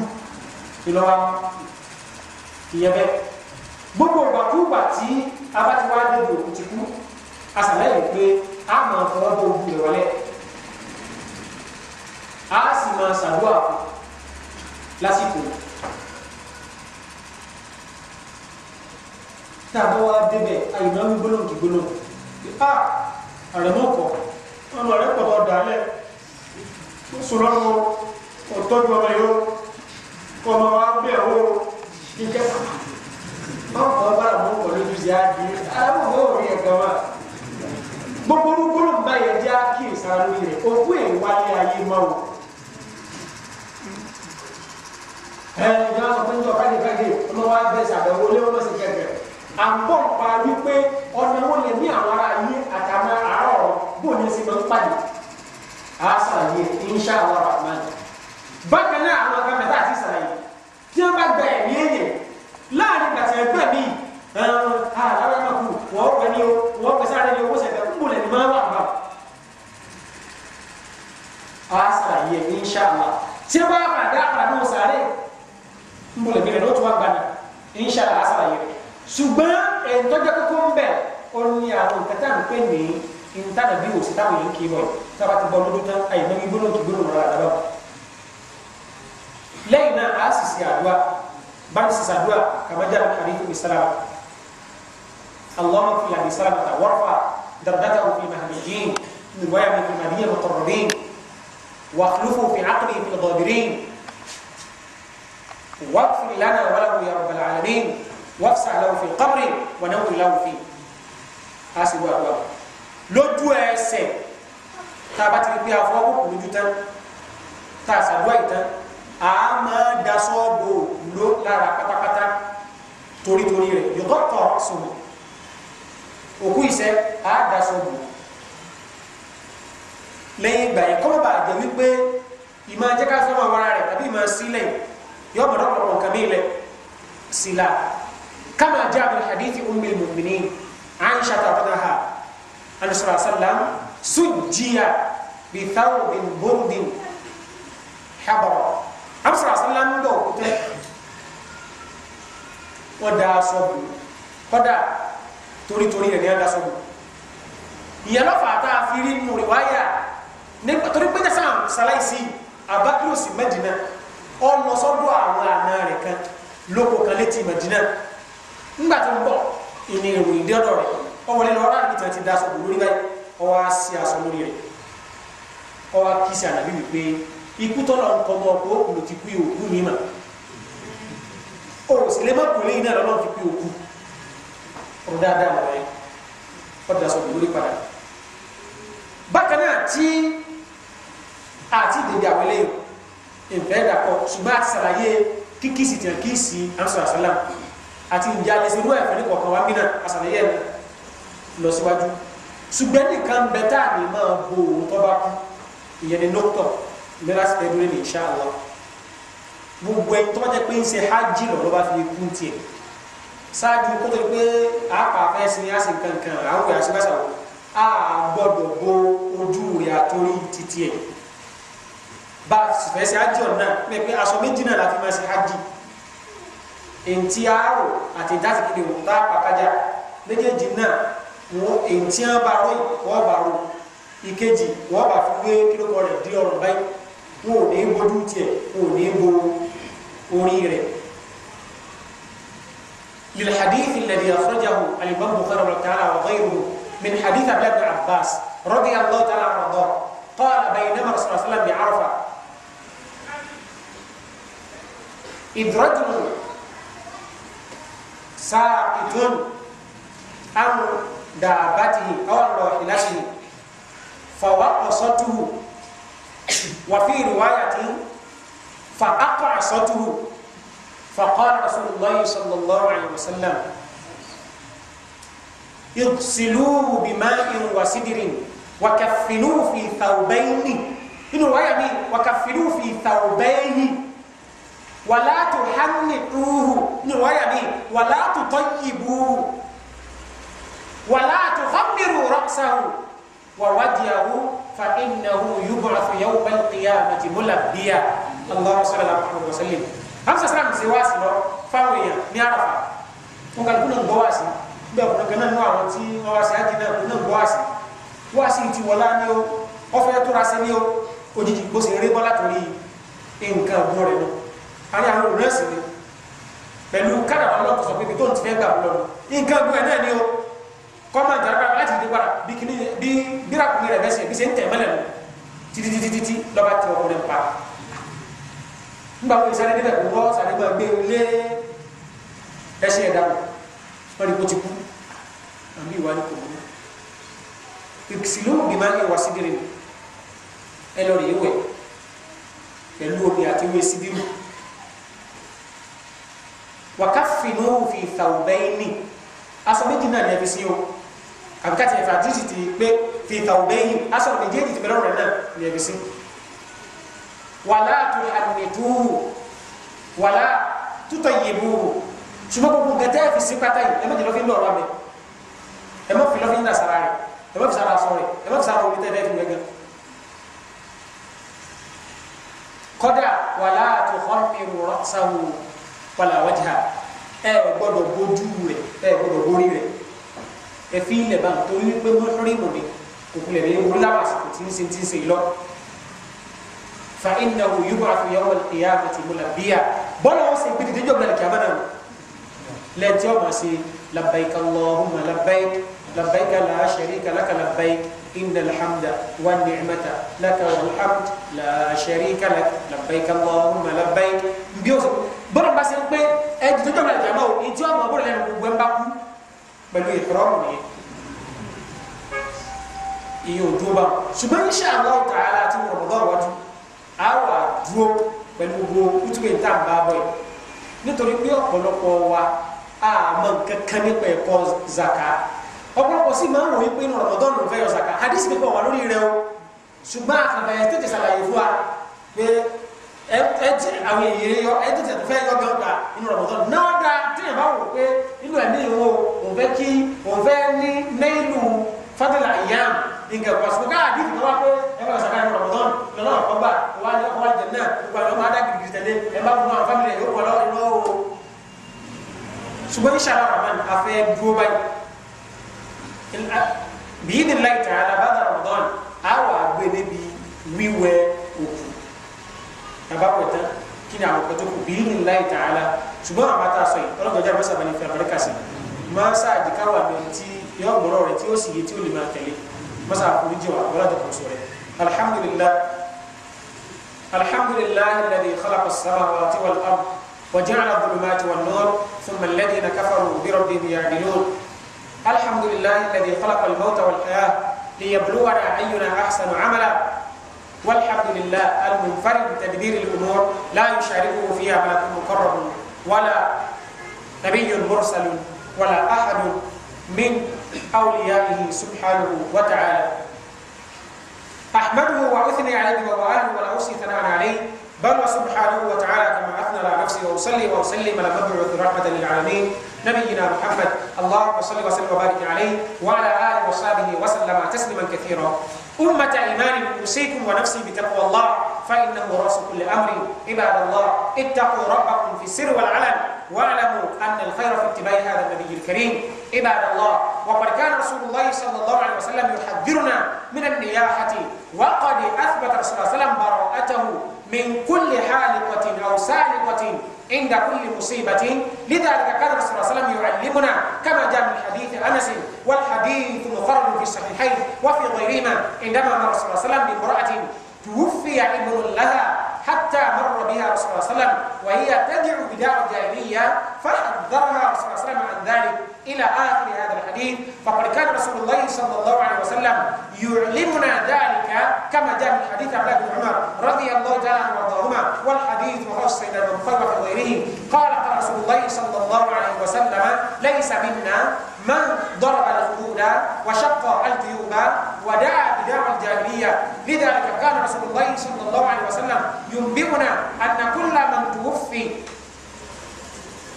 ìlọ wa ìyẹn bẹ gbogbo gbàkúgbà tí abatiwa débi òkú ti kú asàlàyé pé a máa fọwọ́ bọ ojú rẹ̀ wọlé a sì máa ṣàdúrà lásìkò tàbí wá débẹ̀ àyùmọ̀ wí gbólóhùn kí gbólóhùn ah, musulɔnu o tɔjɔna yo kɔnɔ wa bɛ o i kɛ aw kɔ b'a mɔ kɔni bi se a di ala ko mɔ o yɛ gama gbogbo gbolo ba yɛ di a kiri sanu yɛ o ko ye waleya ye ma o ɛ jama sɔ ko n jɔ ka di ka di ọmọ wa bɛ sa bɛ wọn bɛ se kɛkɛ à wípé ọ̀nà wọn lè ní àwọn ará yé àtàwọn àárọ̀ bó ni ẹ ń pàdé a sàlàyé insha Allah rahman bákan náà àwọn ọ̀gá mẹ́ta àti sàlàyé tí wọ́n bá gba ẹ̀mí ẹ̀yẹ láàrin gbàtà ẹgbẹ́ mi àlàyé máa kú wọ́n gbẹ ní o wọ́n gbẹ sáré ní owó sẹ̀fẹ̀ ń bọ̀lẹ̀ ní máa wà bá a insha Allah tí wọ́n bá pàdé àpàdé wọn sáré ń bọ̀lẹ̀ bí rẹ̀ ló tún wá gbani insha Allah a sàlàyé ṣùgbọ́n ẹ̀ńtọ́jọ́ kókó ń bẹ̀ ọ ní àwọn kẹta àgbẹ̀ ní ntana bí wò sí táwọn yìí ń kí bọ̀ tába ti bọ́ lódó tán àyè mẹ́rin gbóná kí gbóná rárá dábàá lẹ́yìn náà a sì ṣe àdúrà bá ń ṣiṣẹ́ àdúrà kàmájà àrí fi sálámà اللهم اغفر لأبي سلمة وارفع درجته في المهديين رواية من المهدي المقربين واخلفه في عقله في الغابرين واغفر لنا وله يا رب العالمين وافسح له في قبره ونور له فيه. حسبوا أبوابه lójú ẹsẹ̀ tá a bá ti rí pé afọ kòkòrò ju tán tá a ṣàdúrà yìí tán a máa daṣọ bò ló lára pátápátá torítorí rẹ̀ yọ̀dọ̀tọ̀ sọ̀rọ̀ òkú ìṣe a daṣọ bò lẹ́yìn ìgbà yẹn kọ́mọ́ bá jẹ́ wípé ìmọ̀ ajẹ́ ká sọ́mọ́ wara rẹ̀ tàbí ìmọ̀ sílẹ̀ yọ̀ọ́ mọ̀ dọ́kọ̀rọ̀ nǹkan mi lẹ̀ sílá kama jaa hadithi ummil mu'minin aisha tatanha أن صلى الله عليه وسلم سجي بثوب برد حبر أم صلى الله عليه وسلم دو ودا صب ودا توري توري يعني هذا صب يلا فاتا فيري مروايا نبقى توري بنا سام سلايسي أبكر سي مدينة أو نصدوا على نار كان lóko kan létí Mẹdínà ńgbà tó ń bọ̀ ìní ìròyìn dé ọ̀dọ̀ rẹ̀ ọwọlẹ lọ ọ̀rọ̀ àdìtàn ti da aṣọ kò lórí báyìí ọwọ á sí aṣọ lórí rẹ̀ ọwọ á kí sí ànàbí wípé ikú tọ́lọ̀ ń kọ́mọ ọkọ̀ òkùnrin ti kú òkú ní mà ó sì lè má kú lẹ́yìn náà lọ́nà ti kú òkú ọ̀rọ̀ dáadáa mọ̀ ẹ́ ọ̀dà aṣọ kò lórí padà bákan náà tí àti ìdèdè àwọn eléyìí ìfẹ́ dàpọ̀ ṣùgbọ́n àti sàlàyé kíkìsì tẹ̀ kíkìsì ansọ̀ àṣàlám àti ìjà lẹ́sìn irú ẹ̀fẹ́ ní kọ̀ọ̀kan wá mí náà àṣàlàyé ẹ̀ náà lọ síwájú ṣùgbọ́n nìkan bẹ tá a lè máa bo òun tó bá kú ìyẹn ni nọ́tọ̀ mẹ́rẹ́sì ẹ̀dúrẹ́ ní insha Allah gbogbo ẹ̀ tó bá jẹ́ pé ń ṣe hajj lọ ló bá fi kú tiẹ̀ ṣáájú kó tó di pé àpá afẹ́ sí kankan àwọn ìyá sí wò á gbọ́dọ̀ bo ojú rẹ̀ àtòrí títí ẹ̀ bá a sì fẹ́ ṣe hajj ọ̀nà pé aṣọ méjì náà la fi máa ṣe hajj èntì àárò àti ìdásíkiri òkúta pàkájà méjèèjì náà wọn èntì abarọ yìí wọn barọ ìkejì wọn bá fi wé kílókọ rẹ di ọrùn báyìí wọn ò ní bojú tiẹ wọn ò ní bo orí rẹ. للحديث الذي أخرجه الإمام بخاري تعالى وغيره من حديث عبد بن عباس رضي الله تعالى عنه وارضاه قال بينما رسول الله صلى الله عليه وسلم بعرفة إذ رجل ساقط عن دابته أو راحلته فوقصته وفي رواية فأقعصته فقال رسول الله صلى الله عليه وسلم اغسلوه بماء وسدر وكفنوه في ثوبين إن رواية وكفنوه في ثوبين ولا تحنطوه إن رواية ولا تطيبوه wàlá tuhammiru ra'sahu wa wajhahu fa innahu yub'athu yawma al-qiyamati mulabbiya Allahumma sallallahu alaihi wa sallam hamsa sara misi waasi lọ fáwọn èèyàn ní àràfà wọn kàn kúnà gbọ́ waasi bẹ́ẹ̀ kúnà gánà nù àwọn tí wọ́n waasi á di náà kúnà gbọ́ waasi waasi ti wọlá ní o ọfẹ tóra sí ní o òjijì bó sì rí bọ́lá torí nǹkan ọgbọ́n rẹ̀ nù àní àwọn òrùn náà sì ni pẹ̀lú kádàrà ọlọ́kùnrin sọ pé ibi tó ń ti fẹ́ gbà wọ́n lọ nǹkan ọgbọ́n ẹ̀ náà ni o kọ́mọ̀ jaraba láti di wara bí kini bí bíra kun yẹrẹ bẹ sẹ bí sẹ n tẹ̀mẹ́lẹ̀ lọ titititi lọ́ba tẹ ọkọ lẹ pa n b'a fọ sani ne bẹ kó wọ́ sani ma gbé lé ẹsẹ̀ yẹ dàgbọ́ wọ́n di ko ti kú an b'i wá ní kò wọ́n ìkìsìlú bí máa ń yẹ wá sídìrì ni ẹ lọ rèé wẹ̀ pẹ̀lú omi àti wẹ̀ sídìrì wàkàfínú fi thawbayni aṣọ méjì náà ni ẹ fi sí o àbíká ti ẹ̀fà àdúrà ti pé fi ìtà òbẹ́yìn aṣọ méjèèjì ti bẹ̀rẹ̀ rẹ̀ náà ni ẹ fi sí. wàlá tó àdùnnìdúró wàlá tútọ̀ yìbúrò ṣùgbọ́n gbogbo nǹkan tẹ́ ẹ fi sí pátá yìí ẹ má jẹ́ lọ́fíìn lọ́ọ̀rọ̀ mi ẹ fi lọ́fíìn náà sára rẹ̀ ẹ fi sára aṣọ rẹ̀ ẹ fi sára omi tẹ́ ẹ fẹ́ fi gbẹ̀gàn. kọ́dà wàlá tó xọ́ ẹ ò gbọ́dọ̀ bójú rẹ̀ ẹ ò gbọ́dọ̀ borí rẹ̀ ẹ fi ilẹ̀ bá nítorí wípé wọ́n rí ìbò ni kò kulẹ̀ ní orí láwọn àsìkò tí ń ṣe tí ń ṣe lọ. fa iná wo yóò bá fi yọwọ́ ìyá àti ìmúlẹ̀ bíyà bọ́lá wọn ṣe gbẹdẹdẹ jọba lẹ́kì abẹ́rẹ́ rẹ̀ lẹ́tí ọmọ ṣe labbaik Allahumma labbaik labbaik la sharika laka labbaik إن الحمد والنعمة لك والحمد لا شريك لك لبيك اللهم لبيك بيوسف bọ́lá bá ṣe ń pé ẹjú tó dọ̀bà ìjàmbá o ìjọ àwọn ọmọ lẹ́nu gbogbo ẹ̀ bá kú pẹ̀lú ìkọ́rọ́mù ni iye òdúró bá ṣùgbọ́n ní ṣàlọ́ ọ̀tà ara àti rọ̀mọ̀dọ́ wájú àwọ̀ àdúró pẹ̀lú gbogbo kútùbẹ̀ ìta ń bá bọ̀ ẹ̀ nítorí pé ọ̀pọ̀lọpọ̀ wa àmọ́ nǹkan kan nípa ẹ̀kọ́ zaka ọ̀pọ̀lọpọ̀ sì máa ń wòye pé inú Ramadan ló fẹ́ yọ sàkà hadith mi kọ̀ wà lórí rẹ o ṣùgbọ́n àfàbàyẹ tètè ṣàlàyé fún wa pé ẹ ẹ àwọn èèyàn yọ ẹ tètè tó fẹ́ yọ gbọ́ngà inú Ramadan náà dá téèyàn bá wò pé inú ẹ̀mí ìwọ òun fẹ́ kí òun fẹ́ ní mẹ́lù fadala ìyàm nǹkan pàṣẹ ká àdìsí kan wá pé ẹ bá ṣàkà inú Ramadan lọ́nà ọ̀kọ́gbà wà ní ọkọ̀ àjẹ náà gbogbo àwọn ọmọ adá tẹ̀lé ẹ bá gbogbo àwọn fámìlì ẹ̀ yóò pọ̀ lọ́wọ́ ṣùgbọ́n ìṣàlá Ramadan afẹ́ dúró báyìí بيد الله تعالى بعد رمضان أو عبد بي ويوى أوكو تبقى وتا كنا عبدك بيد الله تعالى شو ما عبدا صي أنا بجرب بس أبني في أمريكا سي ما سا أذكر وابنتي يوم مرة رتي أو سي يتي ولما تلي ما سا أقول جوا ولا تقول سوري الحمد لله الحمد لله الذي خلق السماوات والأرض وجعل الظلمات والنور ثم الذين كفروا بربهم يعدلون الحمد لله الذي خلق الموت والحياة ليبلونا أينا أحسن عملا والحمد لله المنفرد بتدبير الأمور لا يشاركه فيها ملك مقرب ولا نبي مرسل ولا أحد من أوليائه سبحانه وتعالى أحمده وأثني عليه وأهله ولا أوصي ثناء عليه بل سبحانه وتعالى كما أثنى على نفسي وصلي وأسلم على مبعوث رحمة للعالمين نبينا محمد اللهم صل وسلم وبارك عليه وعلى آله وصحبه وسلم تسليما كثيرا أمة إيمان أوصيكم ونفسي بتقوى الله فإنه رأس كل أمر عباد الله اتقوا ربكم في السر والعلن واعلموا أن الخير في اتباع هذا النبي الكريم عباد الله وقد كان رسول الله صلى الله عليه وسلم يحذرنا من النياحة وقد أثبت رسول الله صلى الله عليه وسلم براءته من كل حالقة أو سالقة عند كل مصيبة لذلك كان الرسول صلى الله عليه وسلم يعلمنا كما جاء من حديث أنس والحديث مخرج في الصحيحين وفي غيرهما عندما الرسول صلى الله عليه وسلم بامرأة توفي ابن لها حتى مر بها رسول الله صلى الله عليه وسلم وهي تدعو بدعوة الجاهلية فحذرها رسول الله صلى الله عليه وسلم عن ذلك إلى آخر هذا الحديث فقد كان رسول الله صلى الله عليه وسلم يعلمنا ذلك كما جاء من حديث عبد الله بن عمر رضي الله تعالى عنه وارضاهما والحديث وهو السيد بن وغيره قال رسول الله صلى الله عليه وسلم ليس منا من ضرب الخدود وشق الجيوب ودعا بدعوى الجاهلية لذلك كان رسول الله صلى الله عليه وسلم ينبئنا أن كل من توفي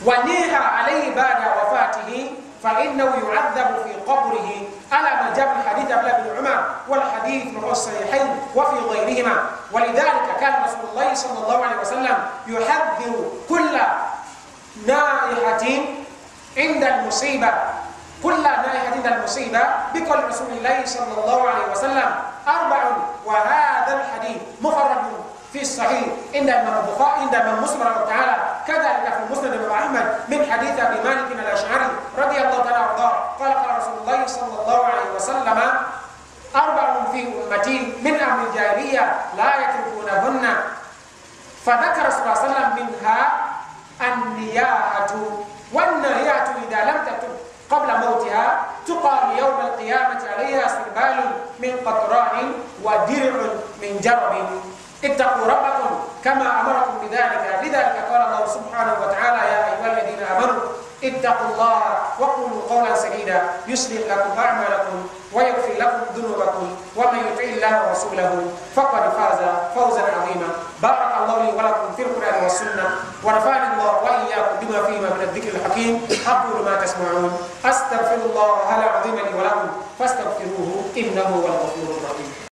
ونيها عليه بعد وفاته فإنه يعذب في قبره ألم جاء في حديث أبلا بن عمر والحديث من الصحيحين وفي غيرهما ولذلك كان رسول الله صلى الله عليه وسلم يحذر كل نائحة عند المصيبة كل ناحية المصيبة بقول رسول الله صلى الله عليه وسلم أربع وهذا الحديث مفرد في الصحيح إن من البخاري إن من مسلم الله تعالى كذلك في المسند بن أحمد من حديث أبي مالك الأشعري رضي الله تعالى عنه قال قال رسول الله صلى الله عليه وسلم أربع في أمتي من أهل الجاهلية لا يتركونهن فذكر صلى الله عليه وسلم منها النياحة والنياحة إذا لم تتب قبل موتها تقام يوم القيامة عليها سربال من قطران ودرع من جرب اتقوا ربكم كما أمركم بذلك لذلك قال الله سبحانه وتعالى يا أيها الذين آمنوا اتقوا الله وقولوا قولا سديدا يصلح لكم أعمالكم ويغفر لكم ذنوبكم ومن يطع الله ورسوله فقد فاز فوزا عظيما بارك الله لي ولكم في القرآن والسنة ونفعني الله وإياكم بما فيهما من الذكر الحكيم أقول ما تسمعون أستغفر الله العظيم لي ولكم فاستغفروه إنه هو الغفور الرحيم